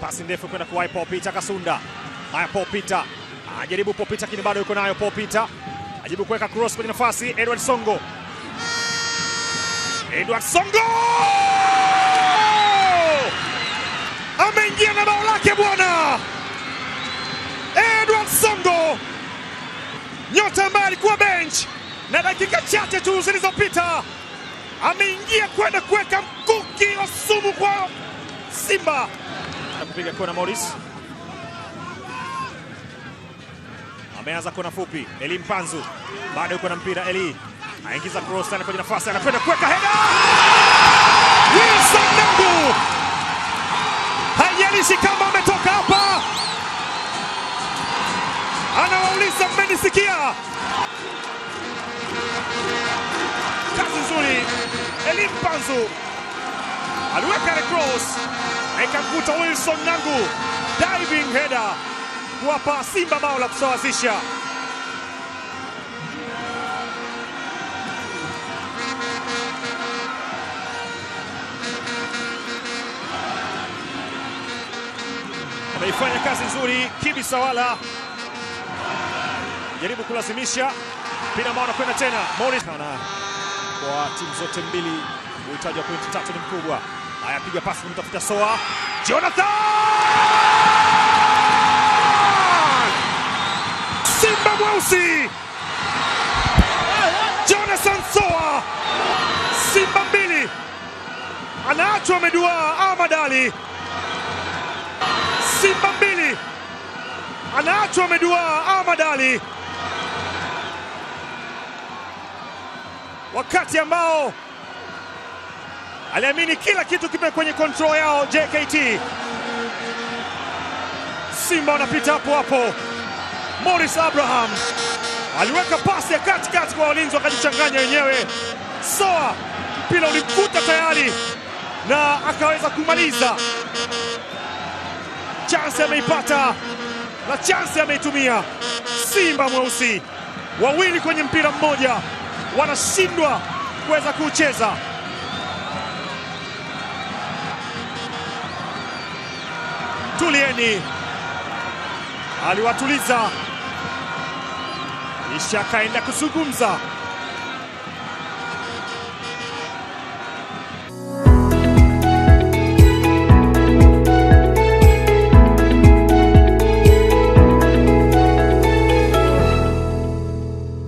pasi ndefu kwenda kuwai Paul Peter Kasunda. Haya, Paul Peter anajaribu, Paul Peter lakini bado yuko nayo. Paul Peter ajaribu kuweka cross kwenye nafasi, Edward Songo, Edward Songo ameingia na bao lake bwana Edward Songo, nyota ambaye alikuwa bench na dakika chache tu zilizopita ameingia kwenda kuweka mkuki wa sumu kwa Simba kupiga kona Morris. Ameanza kona fupi, Eli Mpanzu bado yuko na mpira, Eli aingiza cross tena kwenye nafasi, anakwenda kuweka header. Wilson Nangu, haijalishi kama ametoka hapa, anawauliza mmenisikia? Kazi nzuri, Eli Mpanzu aliweka cross ikamkuta Wilson Nangu, diving header kuwapa Simba bao la kusawazisha. Ameifanya kazi nzuri Kibi Sawala, jaribu kulazimisha mpira ambao anakwenda tena Morris. Kwa timu zote mbili, uhitaji wa pointi tatu ni mkubwa ayapiga pasi kumtafuta Soa, Jonathan Simba mweusi Jonathan Soa, Simba mbili, anaachwa amedua Ahmad Ali. Simba mbili, anaachwa amedua Ahmad Ali wakati ambao aliamini kila kitu kipe kwenye control yao. JKT Simba wanapita hapo hapo. Morris Abraham aliweka pasi ya katikati kwa walinzi, wakajichanganya wenyewe. Soa mpira ulimkuta tayari na akaweza kumaliza. Chansi ameipata na chansi ameitumia. Simba mweusi wawili kwenye mpira mmoja wanashindwa kuweza kuucheza. tulieni, aliwatuliza kisha akaenda kuzungumza.